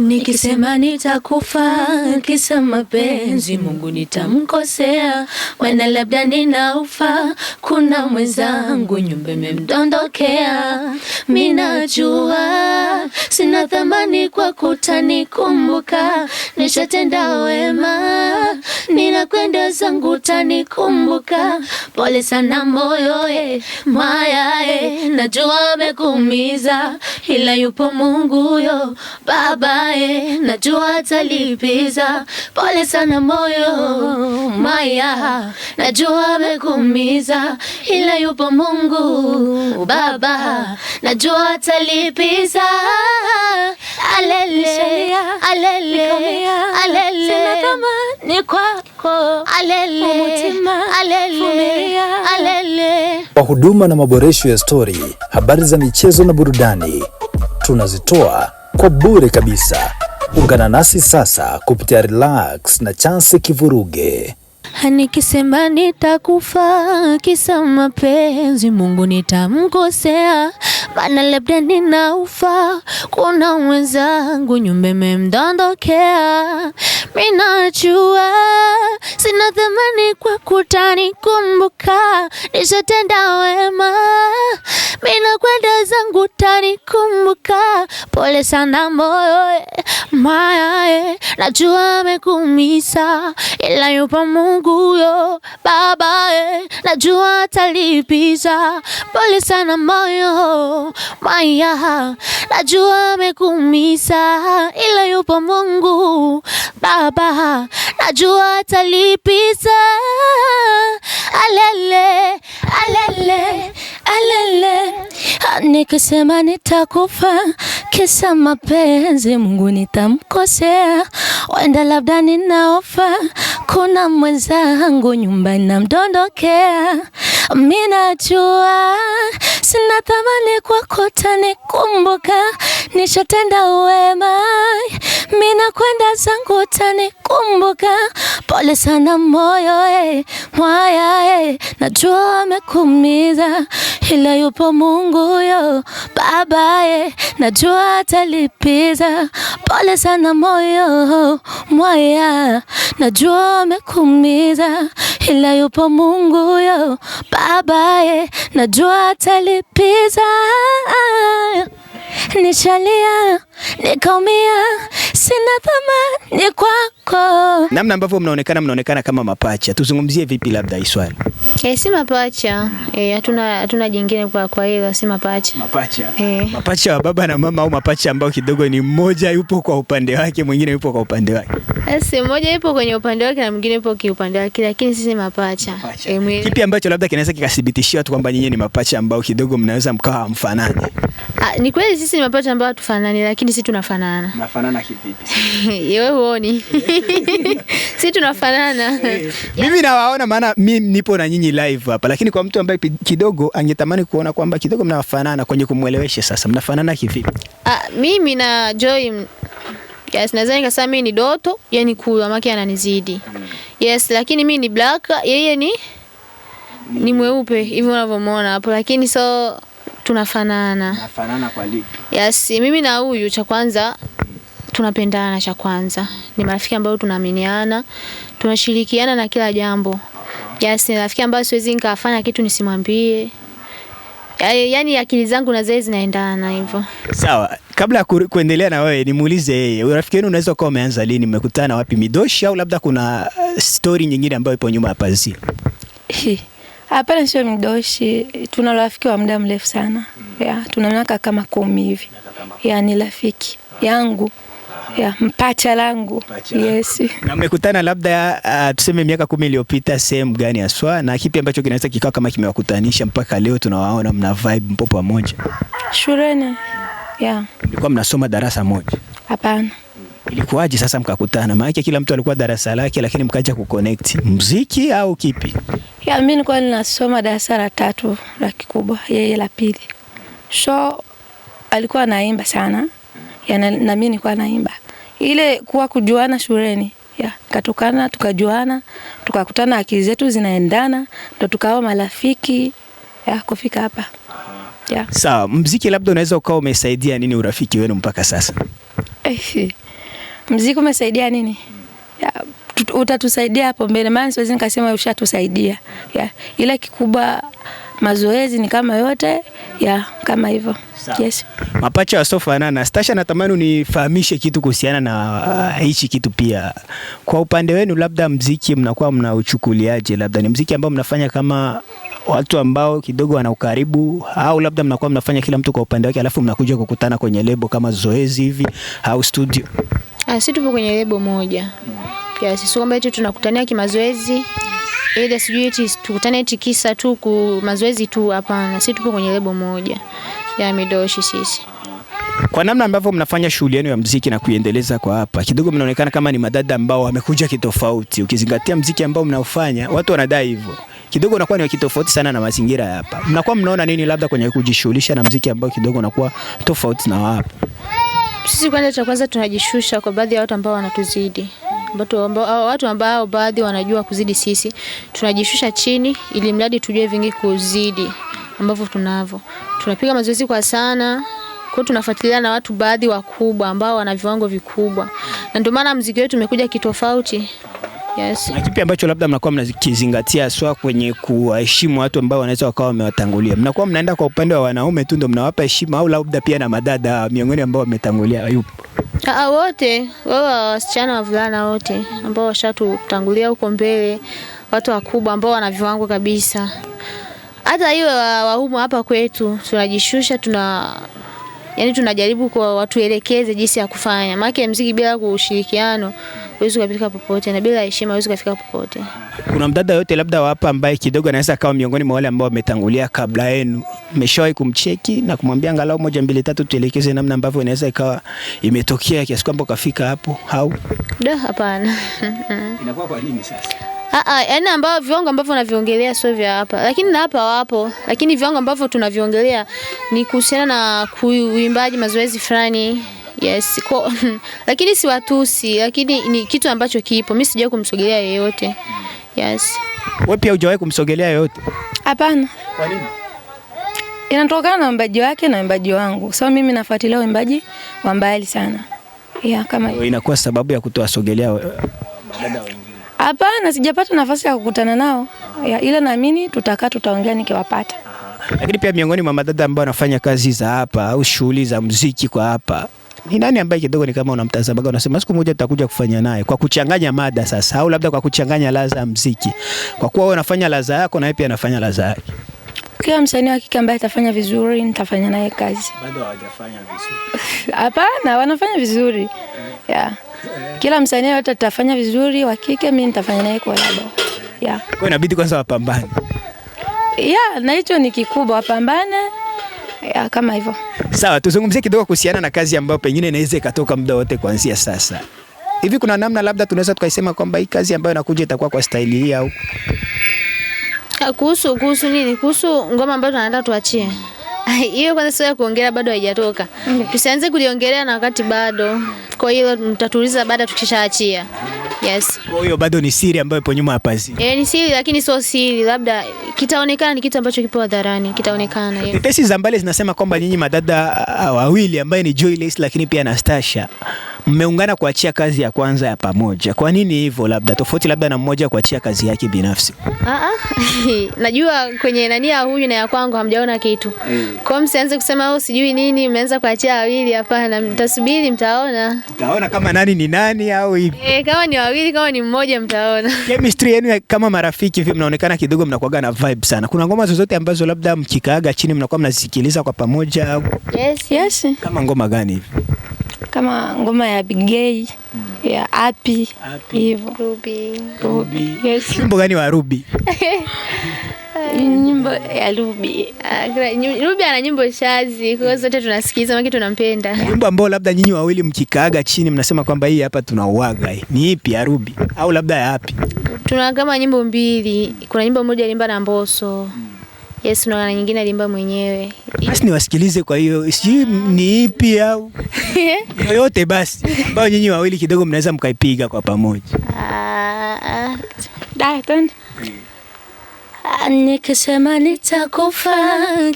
Nikisema nitakufa kisa mapenzi, Mungu nitamkosea, maana labda ninaufa. Kuna mwenzangu nyumba imemdondokea, minajua sina thamani kwa kutanikumbuka, nishatenda wema, ninakwenda zangu tanikumbuka. Pole sana moyoe mwayae, najua amekumiza, ila yupo Mungu yo baba naye najua atalipiza. Pole sana moyo Maya, najua amekumiza, ila yupo Mungu Baba, najua atalipiza. Alele, alele, alele, ni kwako alele, alele, alele. Kwa huduma na maboresho ya stori, habari za michezo na burudani tunazitoa kwa bure kabisa. Ungana nasi sasa kupitia Relax na Chance Kivuruge. Nikisema nitakufa kisa mapenzi, Mungu nitamkosea, maana labda ninaufa. Kuna mwenzangu nyumba imemdondokea, minajua sina thamani kwa kutanikumbuka, nishatenda wema mina kwenda zangu tanikumbuka, pole sana moyo mayae, najua amekumisa, ila yupo Mungu yo babae, najua atalipiza. Pole sana moyo maya, najua amekumisa, ila yupo Mungu baba, najua atalipiza. Alele, alele, alele nikisema nitakufa kisa mapenzi, Mungu nitamkosea, wenda labda ninaofa, kuna mwenzangu nyumbani namdondokea. mina chua sina thamani kwako, tanikumbuka, nishatenda uwema mina kwenda zangu, tanikumbuka Kumbuka, pole sana moyo eh, mwaya eh, najua amekumiza ila yupo Mungu yo baba eh, najua atalipiza. Pole sana moyo mwaya, najua amekumiza ila yupo Mungu yo baba eh. najua atalipiza. Nishalia nikaumia sina thamani kwako. Namna ambavyo mnaonekana mnaonekana kama mapacha, tuzungumzie vipi labda iswali? E, eh, si mapacha e, hatuna hatuna jingine kwa kwa hilo, si mapacha. Mapacha e. Mapacha wa baba na mama au mapacha ambao kidogo ni mmoja yupo kwa upande wake mwingine yupo kwa upande wake si mmoja yupo kwenye upande wake na mwingine yupo kiupande wake, lakini sisi mapacha. mapacha. E, Kipi ambacho labda kinaweza kikathibitishiwa tu kwamba nyinyi ni mapacha ambao kidogo mnaweza mkawa hamfanani? Ah, ni kweli sisi ni mapacha ambayo hatufanani, lakini sisi tunafanana. Mnafanana kivipi? Wewe huoni? Sisi tunafanana. Eh, mimi nawaona maana mimi nipo na nyinyi live hapa, lakini kwa mtu ambaye kidogo angetamani kuona kwamba kidogo mnafanana kwenye kumueleweshe sasa, mnafanana kivipi? Ah, mimi na Joy Yes, naweza nikasema mimi ni Doto, yeye ni Kula, maki ananizidi. Hmm. Yes, lakini mimi ni Black, yeye ni ni hmm. mweupe hivyo unavyomwona hapo, lakini so tunafanana. Nafanana kwa lipi? Yes, mimi na huyu cha kwanza tunapendana, cha kwanza ni marafiki ambao tunaaminiana, tunashirikiana na kila jambo. Yes, ni rafiki ambayo siwezi nikafanya kitu nisimwambie. Yaani, yaani akili zangu na zile zinaendana hivyo. Sawa, kabla ya kuendelea na wewe nimuulize yeye, urafiki wenu unaweza kuwa umeanza lini? Mmekutana wapi, Midoshi au labda kuna uh, story nyingine ambayo ipo nyuma ya pazia? Hapana, sio midoshi, Tuna rafiki wa muda mrefu sana mm. yeah, tuna miaka kama kumi hivi yeah, ni rafiki yangu ya, mpacha langu yes. Na mmekutana labda uh, tuseme miaka kumi iliyopita sehemu gani haswa, na kipi ambacho kinaweza kikawa kama kimewakutanisha mpaka leo tunawaona mna vibe mpo pamoja? Shuleni yeah. Mlikuwa mnasoma darasa moja? Hapana. Ilikuwaje sasa mkakutana? Maana kila mtu alikuwa darasa lake, lakini mkaja kuconnect. Muziki au kipi? ya mimi nilikuwa ninasoma darasa la tatu la kikubwa, yeye la pili. So alikuwa anaimba sana ya, na, na mimi nilikuwa naimba ile kuwa kujuana shuleni ya katokana, tukajuana tukakutana, akili zetu zinaendana, ndo tukawa marafiki ya kufika hapa ya. Sawa, mziki labda unaweza ukawa umesaidia nini urafiki wenu mpaka sasa? Mziki umesaidia nini? utatusaidia hapo mbele, maana siwezi nikasema ushatusaidia ya, ila kikubwa mazoezi ni kama yote ya kama hivyo yes. Mapacha nana Stasha, natamani unifahamishe kitu kuhusiana na uh, hichi uh, kitu pia kwa upande wenu, labda mziki mnakuwa mnauchukuliaje? Labda ni mziki ambao mnafanya kama watu ambao kidogo wana ukaribu, au labda mnakuwa mnafanya kila mtu kwa upande wake, alafu mnakuja kukutana kwenye lebo kama zoezi hivi au studio? Sisi ah, tupo kwenye lebo moja pia, sisi kwamba eti tunakutania kimazoezi ile sijui eti tukutane eti kisa tu ku mazoezi tu, hapana. Sisi tupo kwenye lebo moja ya Midoshi sisi. Kwa namna ambavyo mnafanya shughuli yenu ya mziki na kuiendeleza kwa hapa, kidogo mnaonekana kama ni madada ambao wamekuja kitofauti, ukizingatia mziki ambao mnaofanya watu wanadai hivyo kidogo unakuwa ni kitofauti sana na mazingira ya hapa. Mnakuwa mnaona nini labda kwenye kujishughulisha na mziki ambao kidogo unakuwa tofauti na hapa? Sisi kwanza, cha kwanza tunajishusha kwa baadhi ya watu ambao wanatuzidi ambao, watu ambao baadhi wanajua kuzidi sisi, tunajishusha chini ili mradi tujue vingi kuzidi ambavyo tunavyo. Tunapiga mazoezi kwa sana, kwa tunafuatilia na watu baadhi wakubwa ambao wana viwango vikubwa, na ndio maana mziki wetu umekuja kitofauti. Yes. Na kipi ambacho labda mnakuwa mnakizingatia swa kwenye kuwaheshimu watu ambao wanaweza wakawa wamewatangulia? Mnakuwa mnaenda kwa upande wa wanaume tu ndo mnawapa heshima au labda pia na madada miongoni ambao wametangulia yupo? Ah, ah, wote wao, wasichana wavulana wote ambao washatutangulia huko mbele, watu wakubwa ambao wana viwango kabisa. Hata iwe wahumu hapa kwetu tunajishusha, tuna yani tunajaribu kwa watuelekeze jinsi ya kufanya, maana mziki bila kushirikiano huwezi kufika popote, na bila heshima huwezi kufika popote. Kuna mdada yote labda wapa ambaye kidogo anaweza akawa miongoni mwa wale ambao wametangulia kabla yenu, meshawahi kumcheki na kumwambia angalau moja mbili tatu, tuelekeze namna ambavyo inaweza ikawa imetokea kiasi kwamba ukafika hapo au da? Hapana. Inakuwa kwa nini sasa? Ah, ah, yaani ambao viwango ambavyo unaviongelea sio vya hapa, lakini na hapa wapo, lakini viwango ambavyo tunaviongelea ni kuhusiana na kuimbaji mazoezi fulani Yes, kwa, lakini si watusi, lakini ni kitu ambacho kipo. Mimi sijawahi kumsogelea yeyote. Yes. Wewe pia hujawahi kumsogelea yeyote? Hapana. Kwa nini? Inatokana na mbaji wake na mbaji wangu. So mimi nafuatilia mbaji wa mbali sana. Yeah, kama inakuwa sababu ya kutowasogelea dada wengine. Hapana, sijapata nafasi ya kukutana nao. Ya, ila naamini tutakaa tutaongea nikiwapata. Lakini pia miongoni mwa madada ambao wanafanya kazi za hapa au shughuli za muziki kwa hapa ni nani ambaye kidogo ni kama unamtazama unasema siku moja tutakuja kufanya naye, kwa kuchanganya mada sasa, au labda kwa kuchanganya ladha ya muziki, kwa kuwa wewe unafanya ladha yako na yeye pia anafanya ladha yake. Kila msanii wa kike ambaye atafanya vizuri nitafanya naye kazi. Bado hawajafanya vizuri? Hapana, wanafanya vizuri yeah. Kila msanii yote atafanya vizuri, wa kike mimi nitafanya naye collab yeah. Kwa inabidi kwanza wapambane yeah, na hicho ni kikubwa, wapambane ya, kama hivyo. Sawa, tuzungumzie kidogo kuhusiana na kazi ambayo pengine inaweza ikatoka muda wote kuanzia sasa hivi. Kuna namna labda tunaweza tukaisema kwamba hii kazi ambayo inakuja itakuwa kwa staili hii au ah, kuhusu kuhusu nini? Kuhusu ngoma ambayo tunataka tuachie hiyo kwanza sio ya kuongelea, bado haijatoka. Mm. Tusianze kuliongelea na wakati bado, kwa hiyo mtatuliza baada tukishaachia. Yes. Kwa hiyo bado ni siri ambayo ipo nyuma ya pazia. Eh, ni siri lakini sio siri, labda kitaonekana ni kitu ambacho kipo hadharani, kitaonekana. Tetesi za mbali zinasema kwamba nyinyi madada ah, wawili ambaye ni Joyless lakini pia Anastasha mmeungana kuachia kazi ya kwanza ya pamoja. Kwa nini hivyo? Labda tofauti labda na mmoja kuachia kazi yake binafsi. Ah, ah. Najua kwenye nani ya huyu na ya kwangu hamjaona kitu. Mm. Kwa msianze kusema au oh, sijui nini, mmeanza kuachia wawili. Hapana, mtasubiri, mtaona. Mtaona kama nani ni nani au hivi. Eh, kama ni wawili, kama ni mmoja, mtaona. Chemistry yenu kama marafiki hivi mnaonekana kidogo mnakuaga na vibe sana. Kuna ngoma zozote ambazo labda mkikaaga chini mnakuwa mnazisikiliza kwa pamoja Yes, yes. Kama ngoma gani hivi? kama ngoma ya bigay mm. ya api hivyo. Ruby. Ruby. Yes. Nyimbo gani wa Ruby? Nyimbo ya Ruby. Ah, Ruby ana nyimbo shazi, kwa zote tunasikiza maana tunampenda. Nyimbo ambayo labda nyinyi wawili mkikaaga chini mnasema kwamba hii hapa tunauaga. Eh, ni ipi ya Ruby au labda ya api? Tuna kama nyimbo mbili. Kuna nyimbo moja limba na Mbosso. Mm. Yes, na no, nyingine alimba mwenyewe. Basi niwasikilize kwa hiyo. si ni ipi au yoyote basi ambayo nyinyi wawili kidogo mnaweza mkaipiga kwa pamoja. Ah, uh, uh, Nikisema nitakufa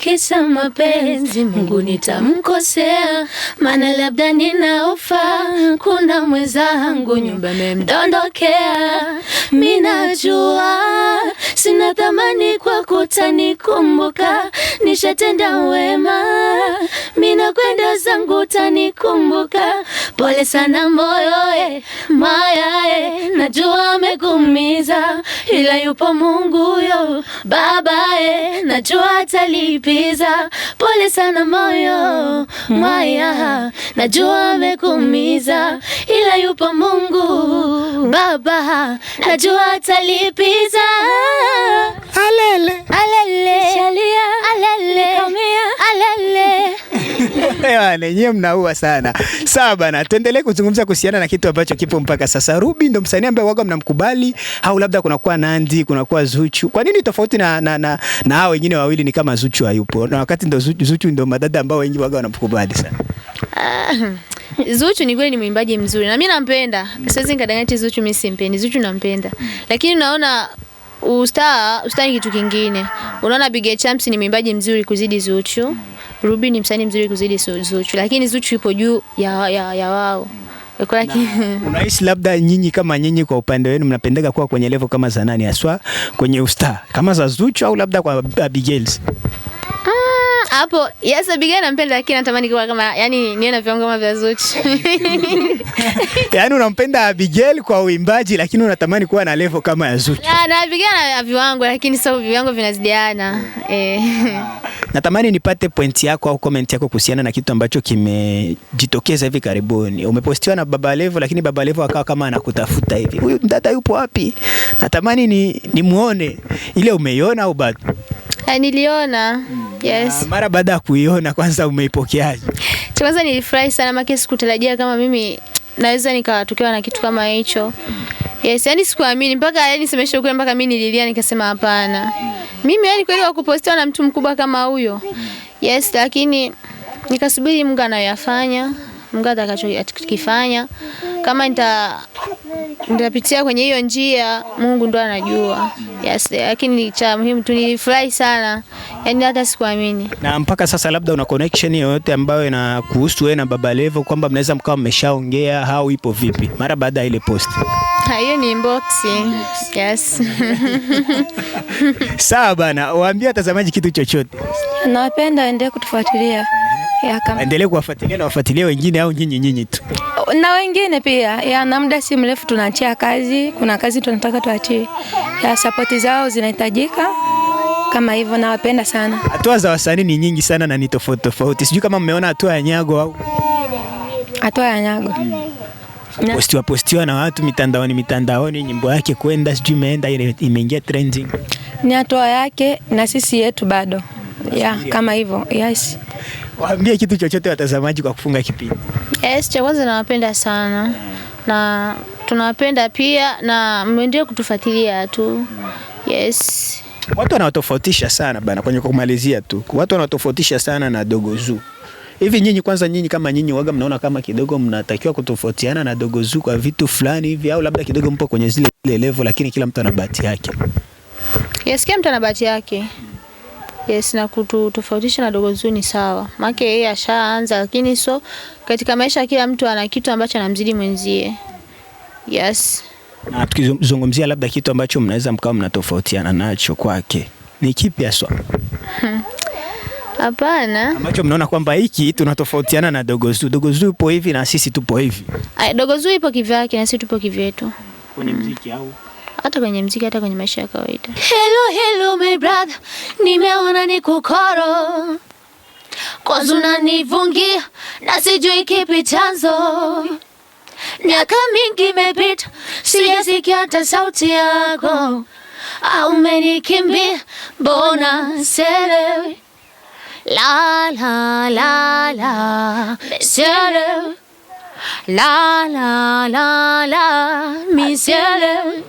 kisa mapenzi, Mungu nitamkosea, maana labda ninaofa. Kuna mwenzangu nyumba memdondokea, minajua sina thamani kwa kutanikumbuka, nishatenda wema, minakwenda zangu, tanikumbuka. Pole sana moyoe eh, mayae, eh. najua amegumiza ila yupo Mungu yo babae, najua atalipiza. Pole sana moyo mwaya, najua amekuumiza, ila yupo Mungu baba, najua atalipiza. Alele alele, alele, alele, alele, alele Eh, Nenyewe mnaua sana. Sawa bana, tuendelee kuzungumza kuhusiana na kitu ambacho kipo mpaka sasa. Ruby ndo msanii ambaye waga mnamkubali au labda kunakuwa Nandy, kunakuwa Zuchu. Kwa nini tofauti na na na, na hao wengine wawili ni kama Zuchu hayupo? Na wakati ndo Zuchu, Zuchu ndo madada ambao wengi waga wanamkubali sana. Ah, Zuchu ni kweli ni mwimbaji mzuri na mimi nampenda. Siwezi nikadanganya eti Zuchu mimi simpendi. Zuchu nampenda. Lakini naona ustaa, ustaa ni kitu kingine. Unaona Big Champs ni mwimbaji mzuri kuzidi Zuchu. Ruby ni msanii mzuri kuzidi Zuchu, lakini Zuchu ipo juu ya, ya, ya wao. Unahisi labda nyinyi kama nyinyi kwa upande wenu mnapendeka kuwa kwenye level kama za nani haswa kwenye usta kama za Zuchu au labda kwa Abigail? Ah, hapo yes, Abigail nampenda, lakini natamani kuwa kama yani niwe na viwango kama vya Zuchu. Yani unampenda Abigail kwa uimbaji, lakini unatamani kuwa na level kama ya Zuchu. Ah, na Abigail na viwango, lakini sio viwango vinazidiana. Eh. Ah. Natamani nipate point yako au comment yako kuhusiana na kitu ambacho kimejitokeza hivi karibuni. Umepostiwa na Baba Levo, lakini Baba Levo akawa kama anakutafuta hivi. Huyu mdada yupo wapi? Natamani ni nimuone. Ile umeiona au bado? Eh, niliona. Hmm. Yes. Na ah, mara baada ya kuiona kwanza umeipokeaje? Kwanza nilifurahi sana maana sikutarajia kama mimi naweza nikatukiwa na kitu kama hicho. Yes, yani sikuamini mpaka yani semesha ukweli mpaka mimi nililia nikasema hapana. Mimi yani kweli wakupostiwa na mtu mkubwa kama huyo. Yes, lakini nikasubiri Mungu anayoyafanya, Mungu atakachokifanya. Kama nita nitapitia kwenye hiyo njia, Mungu ndo anajua. Yes, lakini cha muhimu tu nilifurahi sana. Yaani hata sikuamini. Na mpaka sasa labda una connection yoyote ambayo inakuhusu wewe na Baba Levo kwamba mnaweza mkawa mmeshaongea au ipo vipi mara baada ya ile posti? Hiyo ni inboxing. Yes. Sawa bana, waambie watazamaji kitu chochote. Nawapenda waendelee kutufuatilia. Endelee kuwafuatilia na wafuatilie wengine au nyinyi nyinyi tu. Na wengine pia. Ya na muda si mrefu tunaachia kazi, kuna kazi tunataka tuachie. Ya support zao zinahitajika. Kama hivyo nawapenda sana. Hatua za wasanii ni nyingi sana na ni tofauti tofauti. Sijui kama mmeona hatua ya Nyago au hatua ya Nyago. Hmm postiwa postiwa na watu mitandaoni mitandaoni, nyimbo yake kwenda sijui imeenda imeingia trending, ni hatua yake na sisi yetu bado ya kama hivyo. Yes, waambie kitu chochote watazamaji kwa kufunga kipindi. Yes, cha kwanza nawapenda sana na tunawapenda pia na mwendelee kutufuatilia tu. Yes, watu wanatofautisha sana bana, kwenye kumalizia tu, watu wanatofautisha sana na Dogo Hivi nyinyi kwanza, nyinyi kama nyinyi waga, mnaona kama kidogo mnatakiwa kutofautiana na dogo zuu kwa vitu fulani hivi, au labda kidogo mpo kwenye zile zile level, lakini kila mtu ana bahati yake? Yes, kila mtu ana bahati yake. Yes, na kututofautisha na dogo zuu ni sawa, maana yeye ashaanza, lakini so katika maisha kila mtu ana kitu ambacho anamzidi mwenzie. Yes. Na tukizungumzia labda kitu ambacho mnaweza mkawa mnatofautiana nacho kwake ni kipi aswa? Hapana, ambacho mnaona kwamba hiki tunatofautiana na Dogozu. Dogozu ipo hivi na sisi tupo hivi. Ay, Dogozu ipo kivyake na sisi tupo kivyetu kwenye muziki au hata kwenye mziki hata kwenye maisha ya kawaida. Hello hello my brother, nimeona ni kukoro kwazuna nivungia na sijui kipi chanzo. Miaka mingi imepita sijasikia hata sauti yako, au umenikimbia mbona selewi La la la la, monsieur le. La la la la, monsieur le.